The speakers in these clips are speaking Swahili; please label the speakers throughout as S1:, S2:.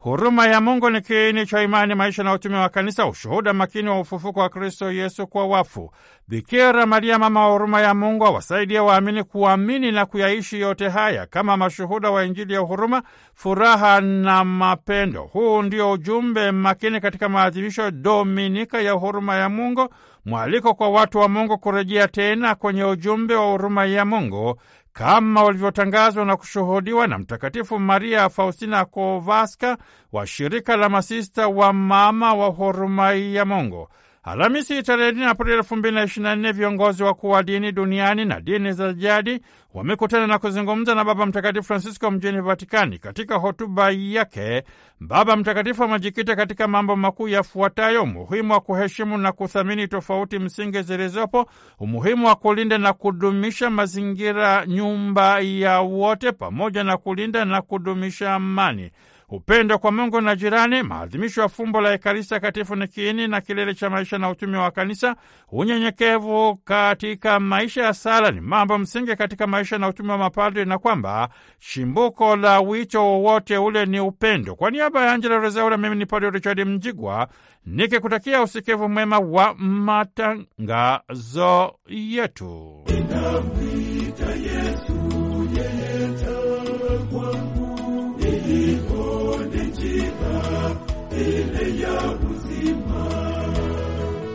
S1: Huruma ya Mungu ni kiini cha imani, maisha na utume wa Kanisa, ushuhuda makini wa ufufuko wa Kristo Yesu kwa wafu. Bikira Maria, mama wa huruma ya Mungu, awasaidia waamini kuamini na kuyaishi yote haya kama mashuhuda wa Injili ya huruma, furaha na mapendo. Huu ndio ujumbe makini katika maadhimisho Dominika ya huruma ya Mungu, mwaliko kwa watu wa Mungu kurejea tena kwenye ujumbe wa huruma ya Mungu kama walivyotangazwa na kushuhudiwa na Mtakatifu Maria Faustina Kowalska wa shirika la masista wa mama wa huruma ya Mungu. Alhamisi tarehe nne Aprili elfu mbili na ishirini na nne viongozi wakuu wa dini duniani na dini za jadi wamekutana na kuzungumza na Baba Mtakatifu Francisco mjini Vatikani. Katika hotuba yake, Baba Mtakatifu amejikita katika mambo makuu yafuatayo: umuhimu wa kuheshimu na kuthamini tofauti msingi zilizopo, umuhimu wa kulinda na kudumisha mazingira, nyumba ya wote, pamoja na kulinda na kudumisha amani upendo kwa Mungu na jirani, maadhimisho ya fumbo la Ekaristi Takatifu ni kiini na kilele cha maisha na utumi wa Kanisa. Unyenyekevu katika maisha ya sala ni mambo msingi katika maisha na utumi wa mapadri, na kwamba shimbuko la wito wowote ule ni upendo. Kwa niaba ya Angela Rezaula, mimi ni Padre Richard Mjigwa nikikutakia usikivu mwema wa matangazo yetu.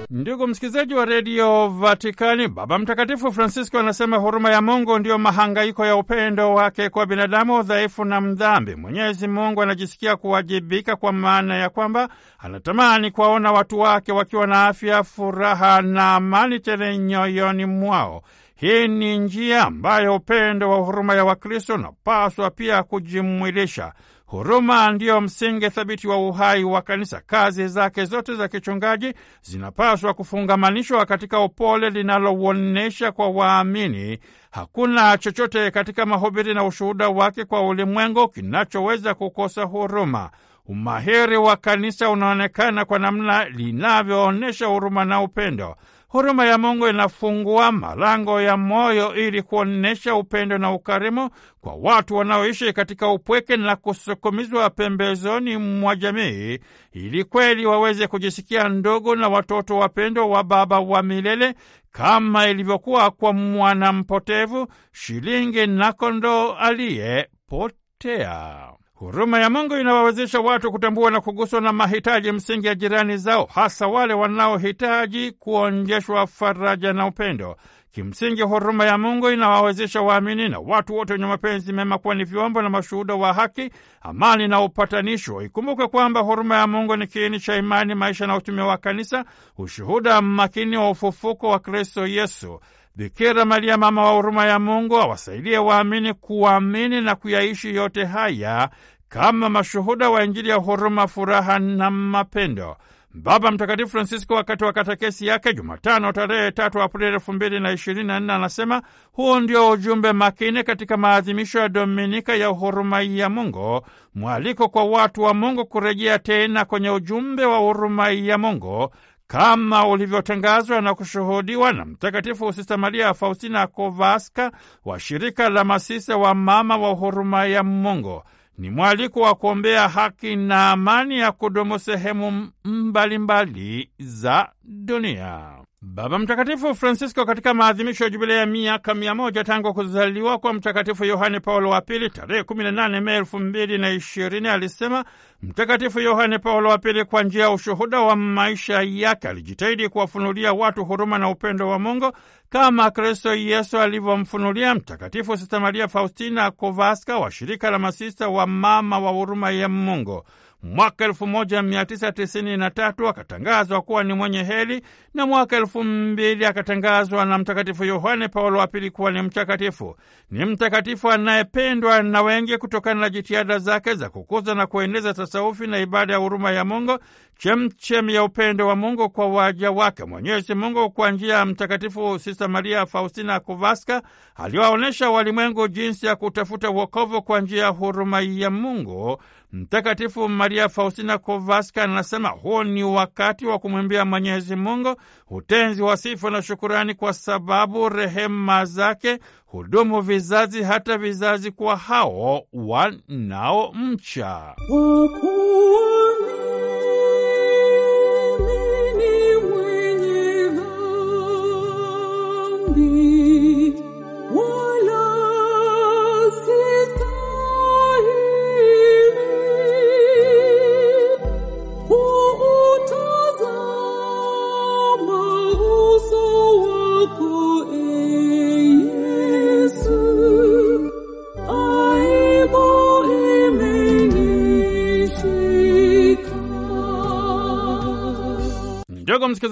S1: Ndugu msikilizaji wa redio Vatikani, Baba Mtakatifu Francisco anasema huruma ya Mungu ndiyo mahangaiko ya upendo wake kwa binadamu dhaifu na mdhambi. Mwenyezi Mungu anajisikia kuwajibika kwa maana ya kwamba anatamani kuwaona watu wake wakiwa na afya, furaha na amani tele nyoyoni mwao. Hii ni njia ambayo upendo wa huruma ya Wakristo unapaswa pia kujimwilisha. Huruma ndiyo msingi thabiti wa uhai wa kanisa. Kazi zake zote za kichungaji zinapaswa kufungamanishwa katika upole linaloonyesha kwa waamini. Hakuna chochote katika mahubiri na ushuhuda wake kwa ulimwengu kinachoweza kukosa huruma. Umahiri wa kanisa unaonekana kwa namna linavyoonyesha huruma na upendo. Huruma ya Mungu inafungua malango ya moyo ili kuonyesha upendo na ukarimu kwa watu wanaoishi katika upweke na kusukumizwa pembezoni mwa jamii, ili kweli waweze kujisikia ndugu na watoto wapendwa wa Baba wa milele, kama ilivyokuwa kwa mwana mpotevu, shilingi na kondoo aliyepotea. Huruma ya Mungu inawawezesha watu kutambua na kuguswa na mahitaji msingi ya jirani zao, hasa wale wanaohitaji kuonjeshwa faraja na upendo. Kimsingi, huruma ya Mungu inawawezesha waamini na watu wote wenye mapenzi mema kuwa ni vyombo na mashuhuda wa haki, amani na upatanisho. Ikumbuke kwamba huruma ya Mungu ni kiini cha imani, maisha na utume wa Kanisa, ushuhuda makini wa ufufuko wa Kristo Yesu. Bikira Maria mama wa huruma ya Mungu awasaidie waamini kuamini na kuyaishi yote haya kama mashuhuda wa Injili ya huruma, furaha na mapendo. Baba Mtakatifu Francisco wakati wa katekesi yake Jumatano tarehe 3 Aprili 2024 anasema huu ndio ujumbe makini katika maadhimisho ya Dominika ya huruma ya Mungu, mwaliko kwa watu wa Mungu kurejea tena kwenye ujumbe wa huruma ya Mungu kama ulivyotangazwa na kushuhudiwa na Mtakatifu Sista Maria Faustina Kovaska wa shirika la masisa wa mama wa huruma ya Mungu. Ni mwaliko wa kuombea haki na amani ya kudumu sehemu mbalimbali za dunia. Baba Mtakatifu Francisco katika maadhimisho ya jubilei ya miaka mia moja tangu kuzaliwa kwa Mtakatifu Yohane Paulo wa Pili tarehe 18 Mei elfu mbili na ishirini alisema Mtakatifu Yohane Paulo wa Pili, kwa njia ya ushuhuda wa maisha yake, alijitahidi kuwafunulia watu huruma na upendo wa Mungu kama Kristo Yesu alivyomfunulia Mtakatifu Sista Maria Faustina Kowalska wa shirika la masista wa mama wa huruma ya Mungu. Mwaka 1993 akatangazwa kuwa ni mwenye heri na mwaka 2000 akatangazwa na Mtakatifu Yohane Paulo wa Pili kuwa ni mtakatifu. Ni mtakatifu anayependwa na wengi kutokana na jitihada zake za kukuza na kueneza tasawufi na ibada ya huruma ya Mungu, chemchemi ya upendo wa Mungu kwa waja wake. Mwenyezi Mungu kwa njia ya Mtakatifu Sista Maria Faustina Kowalska aliwaonyesha walimwengu jinsi ya kutafuta uokovu kwa njia ya huruma ya Mungu Mtakatifu Maria Faustina Kovaska anasema huu ni wakati wa kumwimbia Mwenyezi Mungu utenzi wa sifa na shukurani, kwa sababu rehema zake hudumu vizazi hata vizazi kwa hao wanaomcha.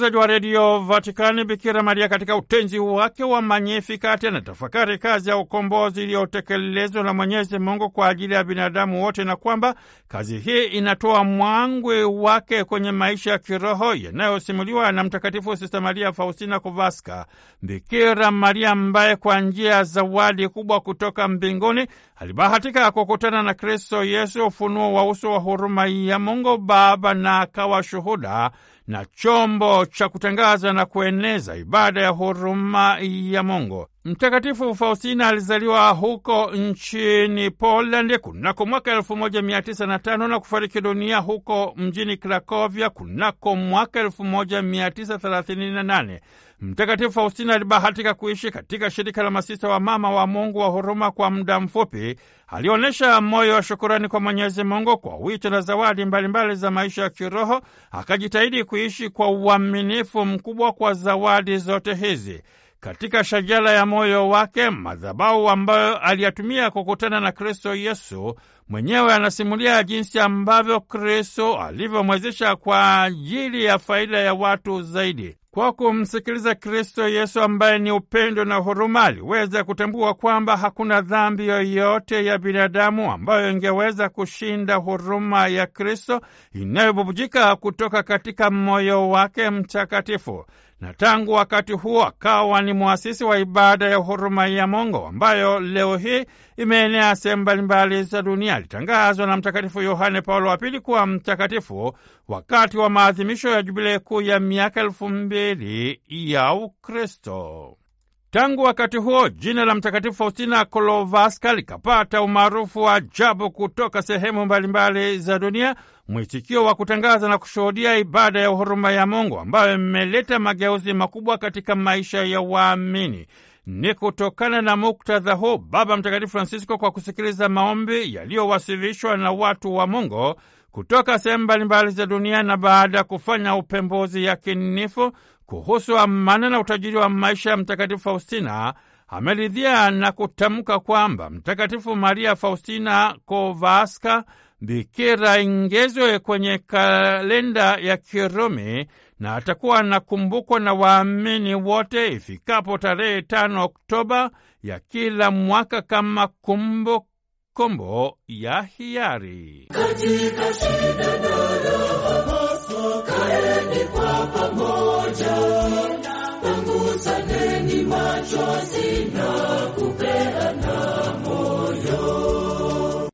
S1: msikilizaji wa redio Vatikani, Bikira Maria katika utenzi wake wa Magnificat anatafakari kazi ya ukombozi iliyotekelezwa na Mwenyezi Mungu kwa ajili ya binadamu wote, na kwamba kazi hii inatoa mwangwi wake kwenye maisha ya kiroho yanayosimuliwa na Mtakatifu Sista Maria Faustina kuvaska Bikira Maria ambaye kwa njia ya zawadi kubwa kutoka mbinguni alibahatika kukutana na Kristo Yesu, ufunuo wa uso wa huruma ya Mungu Baba, na akawa shuhuda na chombo cha kutangaza na kueneza ibada ya huruma ya Mungu. Mtakatifu Faustina alizaliwa huko nchini poland kunako mwaka 1905 na kufariki dunia huko mjini Krakovia kunako mwaka 1938. Mtakatifu Faustina alibahatika kuishi katika shirika la masista wa mama wa Mungu wa huruma. Kwa muda mfupi, alionyesha moyo wa shukurani kwa Mwenyezi Mungu kwa wito na zawadi mbalimbali mbali za maisha ya kiroho, akajitahidi kuishi kwa uaminifu mkubwa kwa zawadi zote hizi. Katika shajala ya moyo wake, madhabahu ambayo aliyatumia kukutana na Kristo Yesu Mwenyewe anasimulia jinsi ambavyo Kristo alivyomwezesha kwa ajili ya faida ya watu zaidi. Kwa kumsikiliza Kristo Yesu ambaye ni upendo na huruma, aliweza kutambua kwamba hakuna dhambi yoyote ya binadamu ambayo ingeweza kushinda huruma ya Kristo inayobubujika kutoka katika moyo wake mtakatifu na tangu wakati huo akawa ni mwasisi wa ibada ya huruma ya Mungu ambayo leo hii imeenea sehemu mbalimbali za dunia. Alitangazwa na Mtakatifu Yohane Paulo wa Pili kuwa mtakatifu wakati wa maadhimisho ya jubilei kuu ya miaka elfu mbili ya Ukristo. Tangu wakati huo jina la Mtakatifu Faustina Kolovaska likapata umaarufu wa ajabu kutoka sehemu mbalimbali za dunia, mwitikio wa kutangaza na kushuhudia ibada ya huruma ya Mungu ambayo imeleta mageuzi makubwa katika maisha ya waamini. Ni kutokana na muktadha huu Baba Mtakatifu Francisco, kwa kusikiliza maombi yaliyowasilishwa na watu wa Mungu kutoka sehemu mbalimbali za dunia na baada ya kufanya upembuzi yakinifu kuhusu amana na utajiri wa maisha ya Mtakatifu Faustina ameridhia na kutamka kwamba Mtakatifu Maria Faustina Kowalska bikira ingezwe kwenye kalenda ya Kirumi na atakuwa anakumbukwa na waamini wote ifikapo tarehe tano Oktoba ya kila mwaka kama kumbukumbu kumbu ya hiari.
S2: Katika
S1: shida na raha, machozi na kupeana moyo.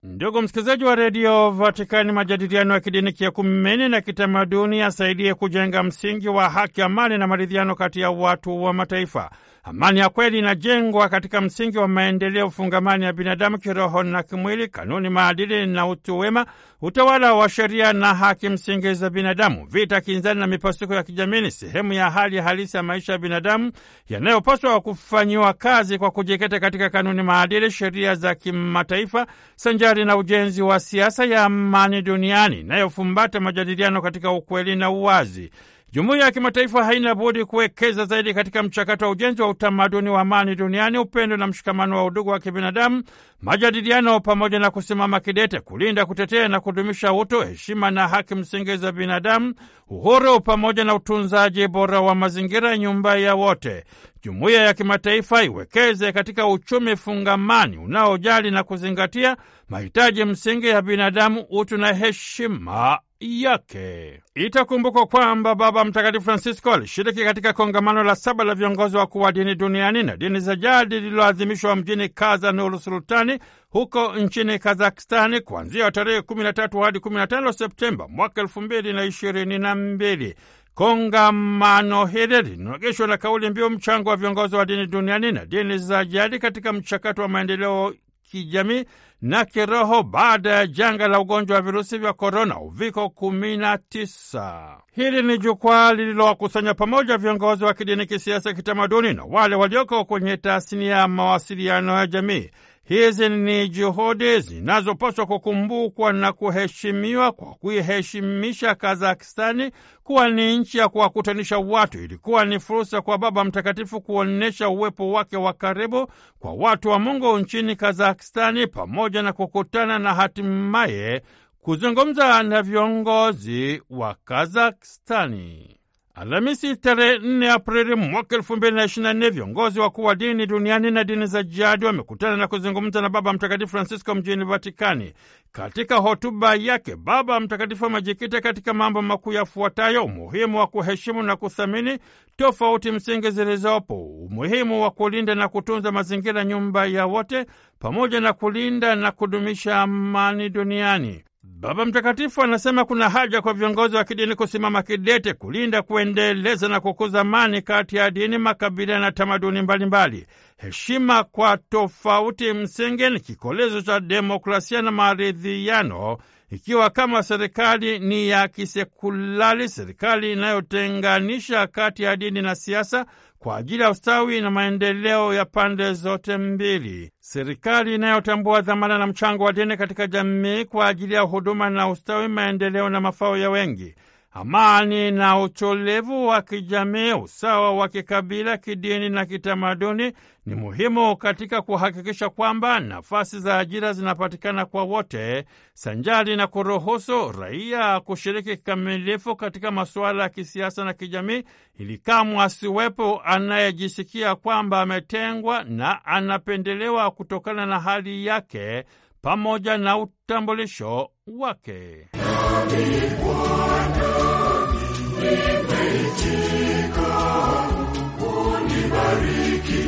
S1: Ndugu msikilizaji wa redio Vatikani, majadiliano ya kidini, kiekumeni na kitamaduni yasaidie kujenga msingi wa haki, amani na maridhiano kati ya watu wa mataifa. Amani ya kweli inajengwa katika msingi wa maendeleo fungamani ya binadamu kiroho na kimwili, kanuni, maadili na utu wema, utawala wa sheria na haki msingi za binadamu. Vita, kinzani na mipasuko ya kijamii ni sehemu ya hali halisi ya maisha ya binadamu yanayopaswa kufanyiwa kazi kwa kujikita katika kanuni, maadili, sheria za kimataifa sanjari na ujenzi wa siasa ya amani duniani inayofumbata majadiliano katika ukweli na uwazi. Jumuiya ya kimataifa haina budi kuwekeza zaidi katika mchakato wa ujenzi wa utamaduni wa amani duniani, upendo na mshikamano wa udugu wa kibinadamu, majadiliano, pamoja na kusimama kidete kulinda, kutetea na kudumisha utu, heshima na haki msingi za binadamu, uhuru pamoja na utunzaji bora wa mazingira, nyumba ya wote. Jumuiya ya kimataifa iwekeze katika uchumi fungamani unaojali na kuzingatia mahitaji msingi ya binadamu, utu na heshima yake. Itakumbukwa kwamba Baba Mtakatifu Francisco alishiriki katika kongamano la saba la viongozi wakuu wa dini duniani na dini za jadi lililoadhimishwa mjini Kaza Nuru Sultani huko nchini Kazakstani kuanzia tarehe 13 hadi 15 Septemba mwaka 2022. Kongamano hili linogeshwa na kauli mbiu mchango wa viongozi wa dini duniani na dini za jadi katika mchakato wa maendeleo kijamii na kiroho baada ya janga la ugonjwa wa virusi vya korona uviko 19. Hili ni jukwaa lililowakusanya pamoja viongozi wa kidini, kisiasa, kitamaduni na wale walioko kwenye tasnia ya mawasiliano ya jamii Hizi ni juhudi zinazopaswa kukumbukwa na kuheshimiwa kwa kuiheshimisha Kazakistani kuwa ni nchi ya kuwakutanisha watu. Ilikuwa ni fursa kwa Baba Mtakatifu kuonyesha uwepo wake wa karibu kwa watu wa Mungu nchini Kazakistani, pamoja na kukutana na hatimaye kuzungumza na viongozi wa Kazakistani. Alhamisi tarehe 4 Aprili mwaka nne viongozi wakuu wa dini duniani na dini za jadi wamekutana na kuzungumza na Baba Mtakatifu Francisco mjini Vatikani. Katika hotuba yake, Baba Mtakatifu amejikita katika mambo makuu yafuatayo: umuhimu wa kuheshimu na kuthamini tofauti msingi zilizopo, umuhimu wa kulinda na kutunza mazingira, nyumba ya wote, pamoja na kulinda na kudumisha amani duniani. Baba Mtakatifu anasema kuna haja kwa viongozi wa kidini kusimama kidete kulinda, kuendeleza na kukuza amani kati ya dini, makabila na tamaduni mbalimbali. Heshima kwa tofauti msingi ni kikolezo cha demokrasia na maridhiano, ikiwa kama serikali ni ya kisekulali serikali inayotenganisha kati ya dini na siasa kwa ajili ya ustawi na maendeleo ya pande zote mbili. Serikali inayotambua dhamana na mchango wa dini katika jamii kwa ajili ya huduma na ustawi, maendeleo na mafao ya wengi amani na utulivu wa kijamii, usawa wa kikabila, kidini na kitamaduni ni muhimu katika kuhakikisha kwamba nafasi za ajira zinapatikana kwa wote, sanjari na kuruhusu raia kushiriki kikamilifu katika masuala ya kisiasa na kijamii, ili kamwe asiwepo anayejisikia kwamba ametengwa na anapendelewa kutokana na hali yake pamoja na utambulisho wake nimeitika, unibariki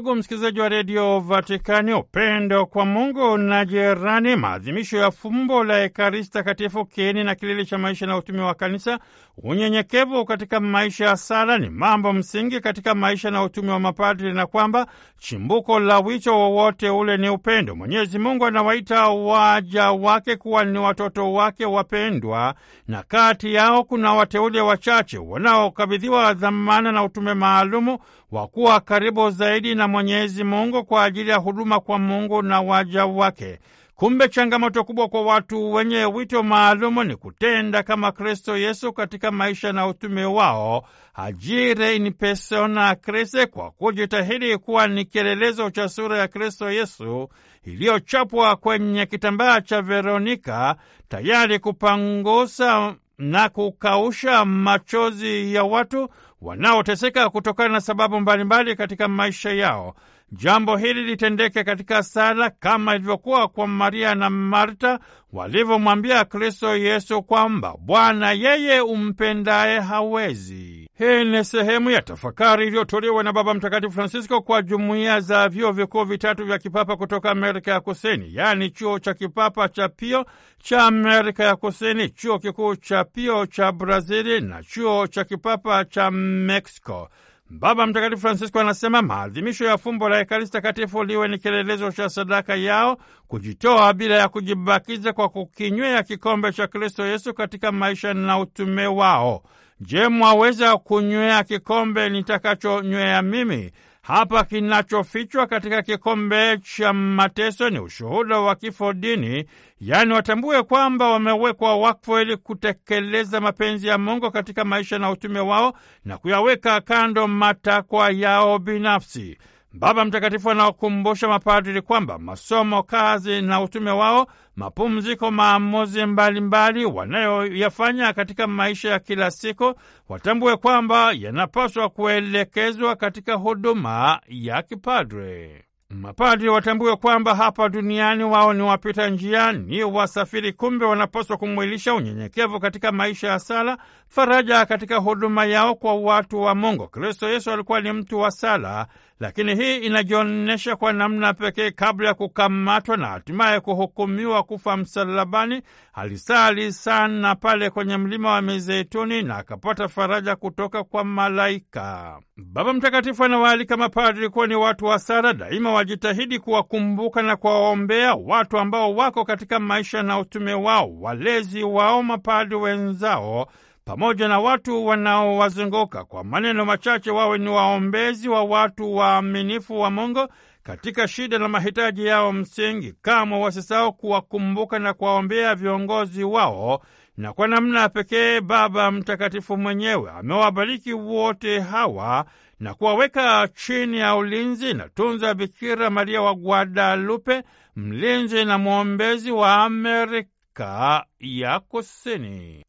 S1: Ndugu msikilizaji wa redio Vatikani, upendo kwa Mungu na jirani, maadhimisho ya fumbo la Ekaristi Takatifu, kiini na kilele cha maisha na utumi wa Kanisa, unyenyekevu katika maisha ya sala ni mambo msingi katika maisha na utumi wa mapadri, na kwamba chimbuko la wicho wowote ule ni upendo. Mwenyezi Mungu anawaita waja wake kuwa ni watoto wake wapendwa, na kati yao kuna wateule wachache wanaokabidhiwa dhamana na utume maalumu wa kuwa karibu zaidi na Mwenyezi Mungu kwa ajili ya huduma kwa Mungu na waja wake. Kumbe changamoto kubwa kwa watu wenye wito maalumu ni kutenda kama Kristo Yesu katika maisha na utume wao, ajire in persona Christi, kwa kujitahidi kuwa ni kielelezo cha sura ya Kristo Yesu iliyochapwa kwenye kitambaa cha Veronika, tayari kupangusa na kukausha machozi ya watu wanaoteseka kutokana na sababu mbalimbali katika maisha yao. Jambo hili litendeke katika sala kama ilivyokuwa kwa Maria na Marta walivyomwambia Kristo Yesu kwamba Bwana, yeye umpendaye hawezi hii ni sehemu ya tafakari iliyotolewa na Baba Mtakatifu Francisco kwa jumuiya za vyuo vikuu vitatu vya kipapa kutoka Amerika ya Kusini, yaani chuo cha kipapa cha Pio cha Amerika ya Kusini, chuo kikuu cha Pio cha Brazili na chuo cha kipapa cha Mexico. Baba Mtakatifu Francisco anasema maadhimisho ya fumbo la Ekaristi Takatifu liwe ni kielelezo cha sadaka yao, kujitoa bila ya kujibakiza kwa kukinywea kikombe cha Kristo Yesu katika maisha na utume wao. Je, mwaweza kunywea kikombe nitakachonywea mimi? Hapa kinachofichwa katika kikombe cha mateso ni ushuhuda wa kifo dini, yaani watambue kwamba wamewekwa wakfu ili kutekeleza mapenzi ya Mungu katika maisha na utume wao na kuyaweka kando matakwa yao binafsi. Baba Mtakatifu anawakumbusha mapadri kwamba masomo, kazi na utume wao, mapumziko, maamuzi mbalimbali wanayoyafanya katika maisha ya kila siku, watambue kwamba yanapaswa kuelekezwa katika huduma ya kipadre. Mapadri watambue kwamba hapa duniani wao ni wapita njia, ni wasafiri, kumbe wanapaswa kumwilisha unyenyekevu katika maisha ya sala, faraja katika huduma yao kwa watu wa Mungu. Kristo Yesu alikuwa ni mtu wa sala lakini hii inajionyesha kwa namna pekee kabla ya kukamatwa na hatimaye kuhukumiwa kufa msalabani. Alisali sana pale kwenye mlima wa Mizeituni na akapata faraja kutoka kwa malaika. Baba Mtakatifu anawaalika mapadri kuwa ni watu wa sara daima, wajitahidi kuwakumbuka na kuwaombea watu ambao wako katika maisha na utume wao, walezi wao, mapadri wenzao pamoja na watu wanaowazunguka. Kwa maneno machache, wawe ni waombezi wa watu waaminifu wa Mungu katika shida na mahitaji yao msingi. Kamwe wasisao kuwakumbuka na kuwaombea viongozi wao, na kwa namna pekee Baba Mtakatifu mwenyewe amewabariki wote hawa na kuwaweka chini ya ulinzi na tunza Bikira Maria wa Guadalupe, mlinzi na mwombezi wa Amerika ya Kusini.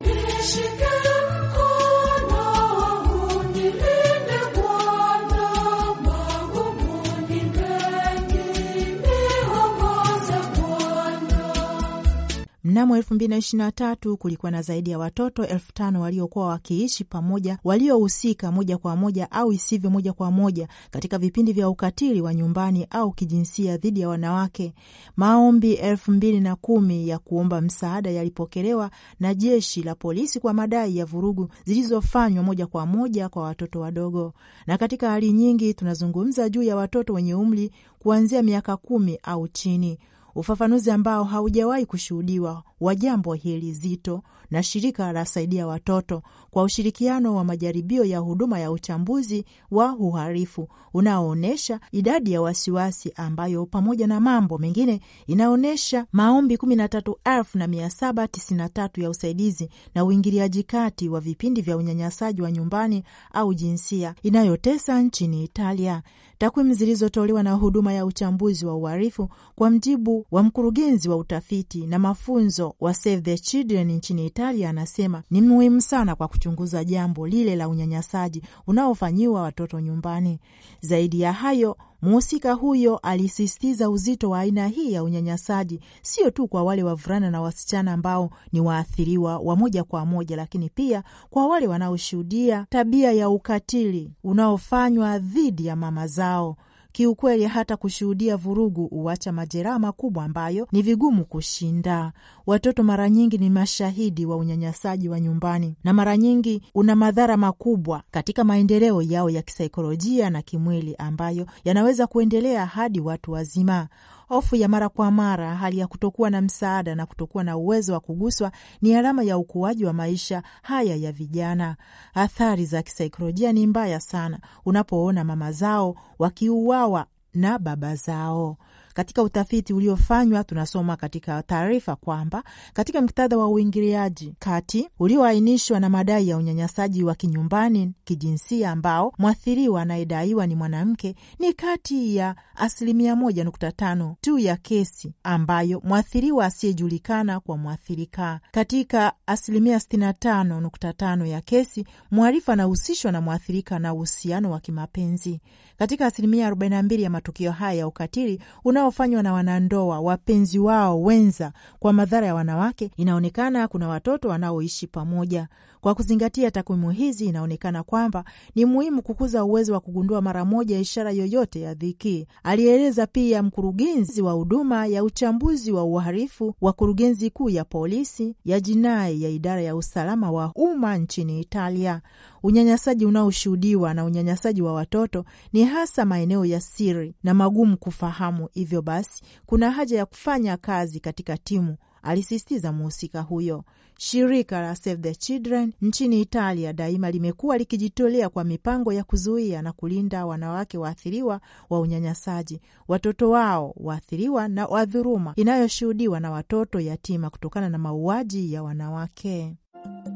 S2: Mnamo 2023 kulikuwa na zaidi ya watoto elfu tano waliokuwa wakiishi pamoja waliohusika moja kwa moja au isivyo moja kwa moja katika vipindi vya ukatili wa nyumbani au kijinsia dhidi ya wanawake. Maombi elfu mbili na kumi ya kuomba msaada yalipokelewa na jeshi la polisi kwa madai ya vurugu zilizofanywa moja kwa moja kwa watoto wadogo, na katika hali nyingi tunazungumza juu ya watoto wenye umri kuanzia miaka kumi au chini ufafanuzi ambao haujawahi kushuhudiwa wa jambo hili zito na shirika la saidia watoto kwa ushirikiano wa majaribio ya huduma ya uchambuzi wa uhalifu unaoonyesha idadi ya wasiwasi ambayo pamoja na mambo mengine inaonyesha maombi 13,793 ya usaidizi na uingiliaji kati wa vipindi vya unyanyasaji wa nyumbani au jinsia inayotesa nchini Italia. Takwimu zilizotolewa na huduma ya uchambuzi wa uhalifu kwa mjibu wa mkurugenzi wa utafiti na mafunzo wa Save the Children nchini Italia Daktari anasema ni muhimu sana kwa kuchunguza jambo lile la unyanyasaji unaofanyiwa watoto nyumbani. Zaidi ya hayo mhusika huyo alisisitiza uzito wa aina hii ya unyanyasaji sio tu kwa wale wavulana na wasichana ambao ni waathiriwa wa moja kwa moja, lakini pia kwa wale wanaoshuhudia tabia ya ukatili unaofanywa dhidi ya mama zao Kiukweli, hata kushuhudia vurugu huacha majeraha makubwa ambayo ni vigumu kushinda. Watoto mara nyingi ni mashahidi wa unyanyasaji wa nyumbani, na mara nyingi una madhara makubwa katika maendeleo yao ya kisaikolojia na kimwili, ambayo yanaweza kuendelea hadi watu wazima. Hofu ya mara kwa mara, hali ya kutokuwa na msaada na kutokuwa na uwezo wa kuguswa ni alama ya ukuaji wa maisha haya ya vijana. Athari za kisaikolojia ni mbaya sana unapoona mama zao wakiuawa na baba zao. Katika utafiti uliofanywa, tunasoma katika taarifa kwamba katika muktadha wa uingiliaji kati ulioainishwa na madai ya unyanyasaji wa kinyumbani kijinsia, ambao mwathiriwa anayedaiwa ni mwanamke, ni kati ya asilimia moja nukta tano tu ya kesi ambayo mwathiriwa asiyejulikana kwa mwathirika. Katika asilimia sitini na tano nukta tano ya kesi, mwarifu anahusishwa na mwathirika na uhusiano wa kimapenzi. Katika asilimia 42 ya matukio haya ya ukatili unaofanywa na wanandoa, wapenzi wao wenza, kwa madhara ya wanawake, inaonekana kuna watoto wanaoishi pamoja. Kwa kuzingatia takwimu hizi, inaonekana kwamba ni muhimu kukuza uwezo wa kugundua mara moja ishara yoyote ya dhiki, alieleza pia mkurugenzi wa huduma ya uchambuzi wa uhalifu wa kurugenzi kuu ya polisi ya jinai ya idara ya usalama wa umma nchini Italia. Unyanyasaji unaoshuhudiwa na unyanyasaji wa watoto ni hasa maeneo ya siri na magumu kufahamu. Hivyo basi, kuna haja ya kufanya kazi katika timu alisisitiza mhusika huyo. Shirika la Save the Children nchini Italia daima limekuwa likijitolea kwa mipango ya kuzuia na kulinda wanawake waathiriwa wa unyanyasaji, watoto wao waathiriwa na wadhuruma inayoshuhudiwa na watoto yatima kutokana na mauaji ya wanawake.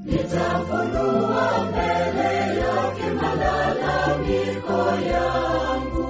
S1: Nitafunua mbele yake malalamiko
S2: yangu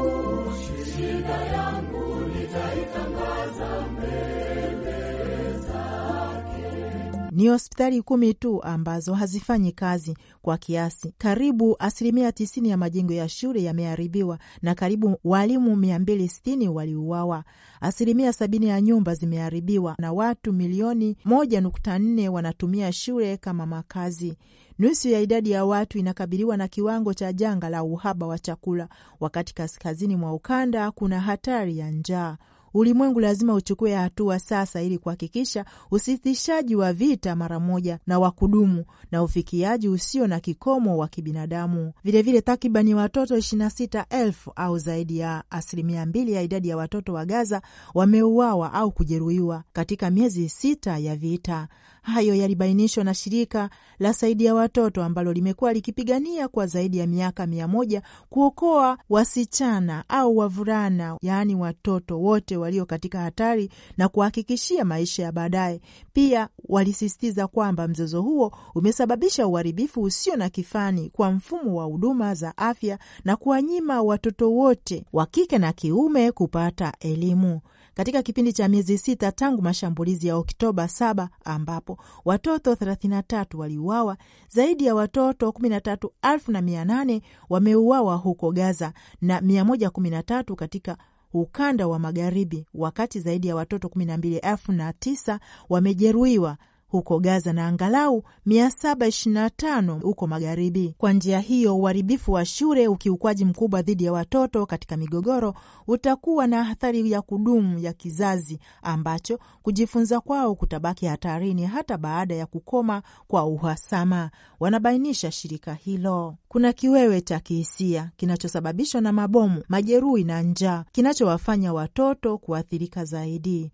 S2: ni hospitali kumi tu ambazo hazifanyi kazi kwa kiasi. Karibu asilimia tisini ya majengo ya shule yameharibiwa na karibu walimu mia mbili sitini waliuawa. Asilimia sabini ya nyumba zimeharibiwa na watu milioni moja nukta nne wanatumia shule kama makazi. Nusu ya idadi ya watu inakabiliwa na kiwango cha janga la uhaba wa chakula, wakati kaskazini mwa ukanda kuna hatari ya njaa. Ulimwengu lazima uchukue hatua sasa ili kuhakikisha usitishaji wa vita mara moja na wa kudumu na ufikiaji usio na kikomo wa kibinadamu. Vilevile, takribani watoto 26,000 au zaidi ya asilimia mbili ya idadi ya watoto wa Gaza wameuawa au kujeruhiwa katika miezi sita ya vita. Hayo yalibainishwa na shirika la saidi ya Watoto ambalo limekuwa likipigania kwa zaidi ya miaka mia moja kuokoa wasichana au wavulana, yaani watoto wote walio katika hatari na kuhakikishia maisha ya baadaye. Pia walisisitiza kwamba mzozo huo umesababisha uharibifu usio na kifani kwa mfumo wa huduma za afya na kuwanyima watoto wote wa kike na kiume kupata elimu katika kipindi cha miezi sita tangu mashambulizi ya Oktoba 7 ambapo watoto 33 waliuawa, zaidi ya watoto 13,800 wameuawa huko Gaza na 113 katika ukanda wa magharibi, wakati zaidi ya watoto 12,009 wamejeruhiwa huko Gaza na angalau 725 huko magharibi. Kwa njia hiyo, uharibifu wa shule, ukiukwaji mkubwa dhidi ya watoto katika migogoro, utakuwa na athari ya kudumu ya kizazi ambacho kujifunza kwao kutabaki hatarini hata baada ya kukoma kwa uhasama, wanabainisha shirika hilo. Kuna kiwewe cha kihisia kinachosababishwa na mabomu, majeruhi na njaa kinachowafanya watoto kuathirika zaidi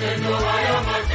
S1: ni kibaki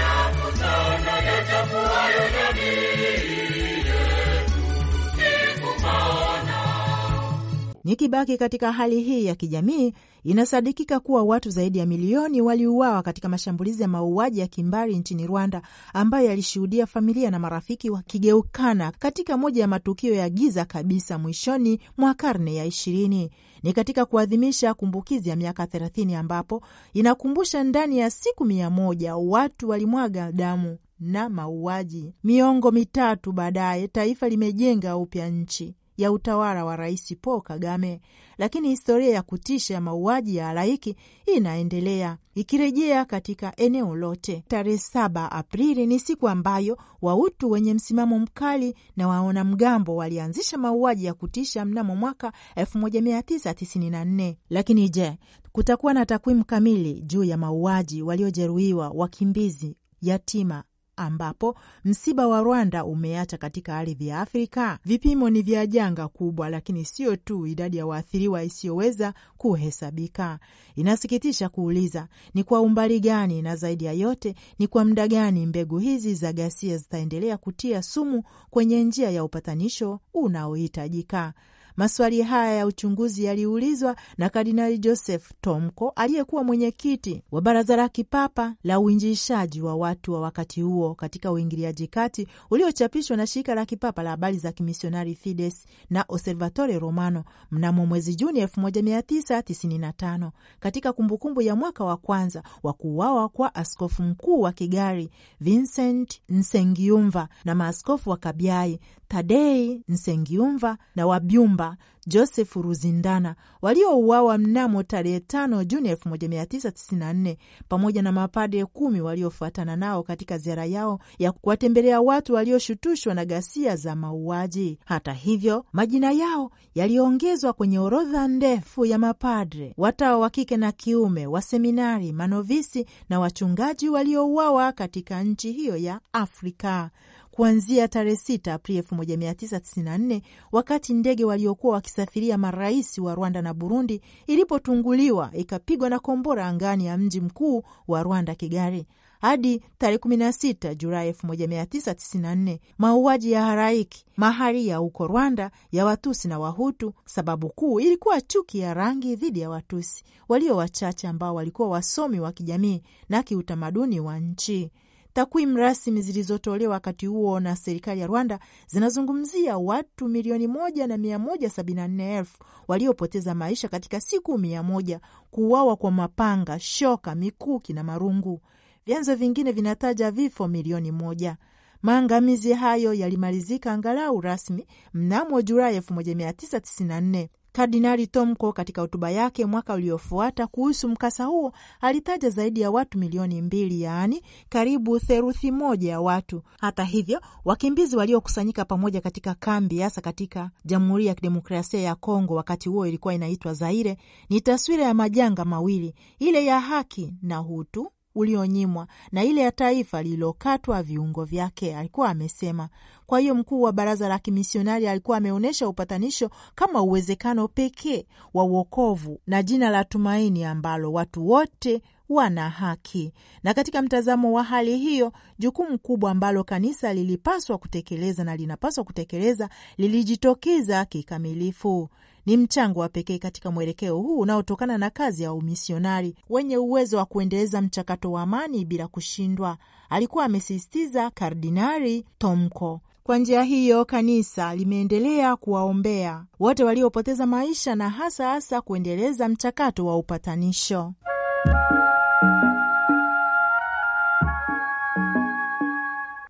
S2: Nikibaki katika hali hii ya kijamii, inasadikika kuwa watu zaidi ya milioni waliuawa katika mashambulizi ya mauaji ya kimbari nchini Rwanda, ambayo yalishuhudia familia na marafiki wakigeukana katika moja ya matukio ya giza kabisa mwishoni mwa karne ya ishirini ni katika kuadhimisha kumbukizi ya miaka thelathini ambapo inakumbusha ndani ya siku mia moja watu walimwaga damu na mauaji. Miongo mitatu baadaye, taifa limejenga upya nchi ya utawala wa Rais Paul Kagame, lakini historia ya kutisha ya mauaji ya halaiki inaendelea ikirejea katika eneo lote. Tarehe 7 Aprili ni siku ambayo wautu wenye msimamo mkali na waonamgambo walianzisha mauaji ya kutisha mnamo mwaka 1994. Lakini je, kutakuwa na takwimu kamili juu ya mauaji, waliojeruhiwa, wakimbizi, yatima ambapo msiba wa Rwanda umeacha katika ardhi ya Afrika vipimo ni vya janga kubwa, lakini sio tu idadi ya waathiriwa isiyoweza kuhesabika. Inasikitisha kuuliza ni kwa umbali gani, na zaidi ya yote ni kwa muda gani mbegu hizi za ghasia zitaendelea kutia sumu kwenye njia ya upatanisho unaohitajika. Maswali haya ya uchunguzi yaliulizwa na Kardinali Joseph Tomko aliyekuwa mwenyekiti wa Baraza la Kipapa la Uinjiishaji wa watu wa wakati huo katika uingiliaji kati uliochapishwa na Shirika la Kipapa la Habari za Kimisionari Fides na Osservatore Romano mnamo mwezi Juni 1995 katika kumbukumbu ya mwaka wa kwanza wa kuuawa kwa askofu mkuu wa Kigari Vincent Nsengiumva na maaskofu wa Kabiai Tadei Nsengiumva na Wabyumba Cleopa Joseph Ruzindana waliouawa mnamo tarehe 5 Juni 1994 pamoja na mapade kumi waliofuatana nao katika ziara yao ya kuwatembelea watu walioshutushwa na ghasia za mauaji. Hata hivyo, majina yao yaliongezwa kwenye orodha ndefu ya mapadre, watawa wa kike na kiume, waseminari, manovisi na wachungaji waliouawa katika nchi hiyo ya Afrika kuanzia tarehe 6 Aprili 1994 wakati ndege waliokuwa wakisafiria marais wa Rwanda na Burundi ilipotunguliwa ikapigwa na kombora angani ya mji mkuu wa Rwanda, Kigali, hadi tarehe 16 Julai 1994 mauaji ya haraiki mahari ya huko Rwanda ya Watusi na Wahutu. Sababu kuu ilikuwa chuki ya rangi dhidi ya Watusi walio wachache ambao walikuwa wasomi wa kijamii na kiutamaduni wa nchi. Takwimu rasmi zilizotolewa wakati huo na serikali ya Rwanda zinazungumzia watu milioni moja na mia moja sabini na nne elfu waliopoteza maisha katika siku mia moja, kuuawa kwa mapanga, shoka, mikuki na marungu. Vyanzo vingine vinataja vifo milioni moja. Maangamizi hayo yalimalizika angalau rasmi mnamo Julai 1994 Kardinali Tomko katika hotuba yake mwaka uliofuata kuhusu mkasa huo alitaja zaidi ya watu milioni mbili, yaani karibu theruthi moja ya watu. Hata hivyo, wakimbizi waliokusanyika pamoja katika kambi, hasa katika Jamhuri ya Kidemokrasia ya Kongo, wakati huo ilikuwa inaitwa Zaire, ni taswira ya majanga mawili, ile ya haki na hutu ulionyimwa na ile ya taifa lililokatwa viungo vyake, alikuwa amesema. Kwa hiyo mkuu wa baraza la kimisionari alikuwa ameonyesha upatanisho kama uwezekano pekee wa uokovu na jina la tumaini ambalo watu wote wana haki. Na katika mtazamo wa hali hiyo, jukumu kubwa ambalo kanisa lilipaswa kutekeleza na linapaswa kutekeleza lilijitokeza kikamilifu. Ni mchango wa pekee katika mwelekeo huu unaotokana na kazi ya umisionari wenye uwezo wa kuendeleza mchakato wa amani bila kushindwa, alikuwa amesisitiza Kardinari Tomko. Kwa njia hiyo kanisa limeendelea kuwaombea wote waliopoteza maisha na hasa hasa kuendeleza mchakato wa upatanisho.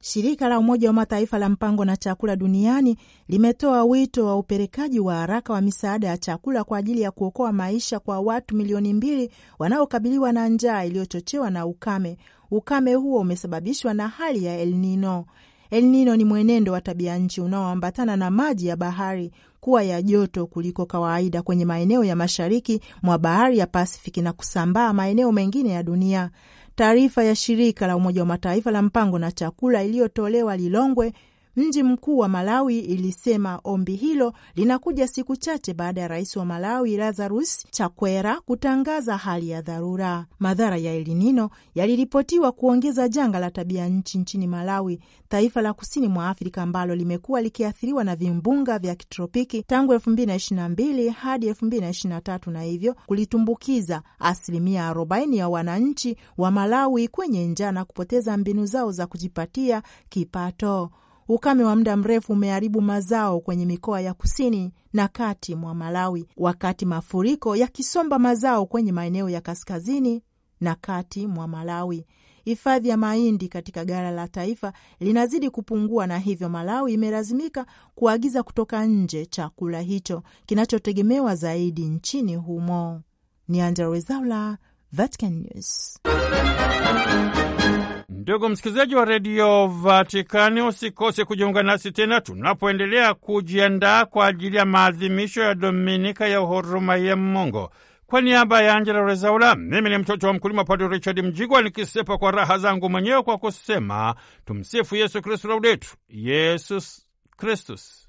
S2: Shirika la Umoja wa Mataifa la Mpango na Chakula Duniani limetoa wito wa upelekaji wa haraka wa misaada ya chakula kwa ajili ya kuokoa maisha kwa watu milioni mbili wanaokabiliwa na njaa iliyochochewa na ukame. Ukame huo umesababishwa na hali ya El Nino. El Nino ni mwenendo wa tabia nchi unaoambatana na maji ya bahari kuwa ya joto kuliko kawaida kwenye maeneo ya mashariki mwa bahari ya Pasifiki na kusambaa maeneo mengine ya dunia. Taarifa ya shirika la Umoja wa Mataifa la mpango na chakula iliyotolewa Lilongwe Mji mkuu wa Malawi ilisema ombi hilo linakuja siku chache baada ya rais wa Malawi Lazarus Chakwera kutangaza hali ya dharura. Madhara ya El Nino yaliripotiwa kuongeza janga la tabia nchi nchini Malawi, taifa la kusini mwa Afrika ambalo limekuwa likiathiriwa na vimbunga vya kitropiki tangu 2022 hadi 2023 na hivyo kulitumbukiza asilimia 40 ya wananchi wa Malawi kwenye njaa na kupoteza mbinu zao za kujipatia kipato. Ukame wa muda mrefu umeharibu mazao kwenye mikoa ya kusini na kati mwa Malawi, wakati mafuriko yakisomba mazao kwenye maeneo ya kaskazini na kati mwa Malawi. Hifadhi ya mahindi katika ghala la taifa linazidi kupungua na hivyo Malawi imelazimika kuagiza kutoka nje chakula hicho kinachotegemewa zaidi nchini humo. Ni Andrea Wezaula, Vatican News.
S1: Ndugu msikilizaji wa redio Vatikani, usikose kujiunga nasi tena tunapoendelea kujiandaa kwa ajili ya maadhimisho ya Dominika ya huruma ya Mungu. Kwa niaba ya Angela Rezaula, mimi ni mtoto wa mkulima Padre Richard Mjigwa, nikisepa kwa raha zangu mwenyewe kwa kusema tumsifu Yesu Kristu, laudetu Yesus Kristus.